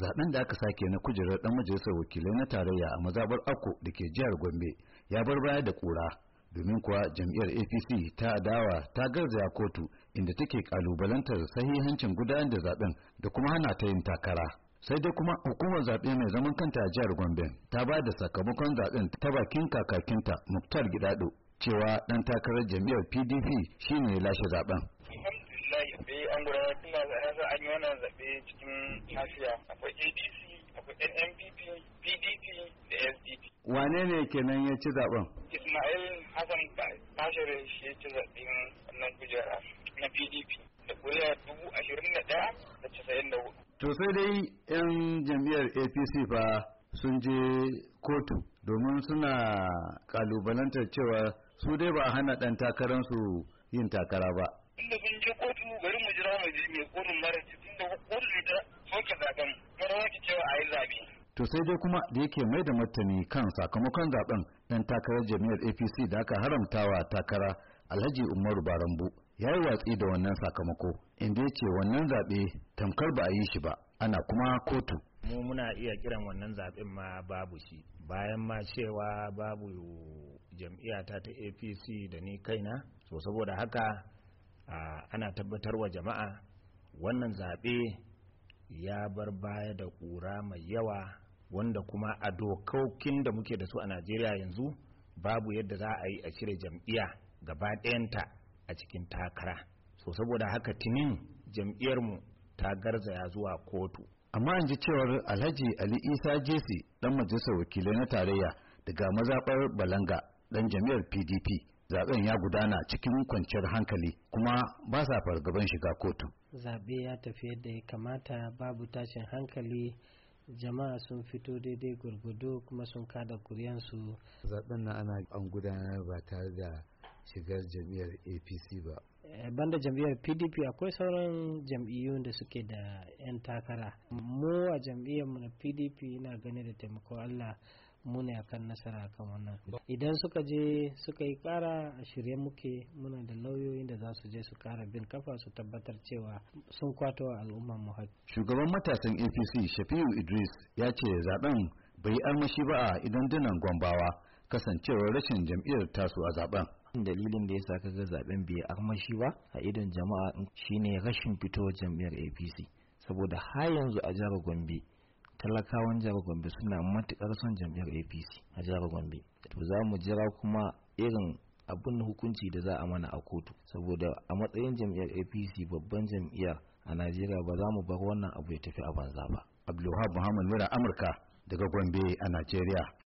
zaben da aka sake na kujerar ɗan majalisar wakilai na tarayya a mazabar ako da ke jihar gombe ya bar baya da kura domin kuwa jam'iyyar apc ta adawa ta garzaya kotu inda take kalubalantar sahihancin gudanar da zaben da kuma hana ta yin takara sai dai kuma hukumar zaɓe mai zaman kanta a jihar gombe ta ba da sakamakon zaɓen ta bakin kakakinta muktar gidado cewa ɗan takarar jam'iyyar pdp shine lashe zaɓen. zaɓe an gudanar tun da yasa an yi wannan zaɓe cikin lafiya akwai adc akwai nnpp pdp da sdp wane ne kenan ya ci zaɓen ismail hassan bashir shi ya ci zaɓen wannan kujera na pdp da kuri'a dubu ashirin da ɗaya da casa'in da hudu to sai dai yan jam'iyyar apc fa sun je kotu domin suna kalubalantar cewa su dai ba hana ɗan takararsu yin takara ba tunda sun je kotu bari mu jira mu ji mai kotun mara ci tunda kotu ta soke zaben mara wace cewa a yi zabe. To sai dai kuma da yake mai da martani kan sakamakon zaben dan takarar jami'ar APC da aka haramtawa takara Alhaji Umaru Barambu ya yi watsi da wannan sakamako inda ya ce wannan zaɓe tamkar ba a yi shi ba ana kuma kotu. Mu muna iya kiran wannan zaɓen ma babu shi bayan ma cewa babu jam'iyyata ta APC da ni kaina so saboda haka ana tabbatar wa jama'a wannan zaɓe ya bar baya da ƙura mai yawa wanda kuma a dokokin da muke da su a najeriya yanzu babu yadda za a yi a cire jam'iyya gaba ɗayanta a cikin takara so saboda haka tinin jam'iyyarmu ta garza ya zuwa kotu amma an ji cewar alhaji ali isa Jesse, dan majalisar wakilai na tarayya daga mazaɓar balanga dan jam'iyyar pdp zaben ya gudana cikin kwanciyar hankali kuma ba sa fargaban shiga kotu zabe ya tafi yadda ya kamata babu tashin hankali jama'a sun fito daidai gurgudu kuma sun kada kuryansu zaben na ana an gudanar ba tare da shigar jam'iyyar apc ba eh, banda jam'iyyar pdp akwai sauran jam'iyyun da suke da 'yan takara mu a jam'iyyar na pdp na gani da taimako allah mu ne akan nasara kan wannan idan suka je suka yi kara a shirye muke muna da lauyoyin da za su je su kara bin kafa su tabbatar cewa sun kwato wa al'ummar mu shugaban matasan apc shafiu idris ya ce zaben bai armashi ba a idan dinan gombawa kasancewar rashin jam'iyyar tasu a zaben dalilin da ya sa kaga zaben bai armashi ba a idon jama'a shine rashin fitowar jam'iyyar apc saboda har yanzu a jihar gombe talakawan jihar gombe suna matukar son jam'iyyar apc a jihar gombe to za mu jira kuma irin abun hukunci da za a mana a kotu saboda a matsayin jam'iyyar apc babban jam'iyyar a najeriya ba za mu bar wannan abu ya tafi a banza ba abdulwahab muhammad mura amurka daga gombe a najeriya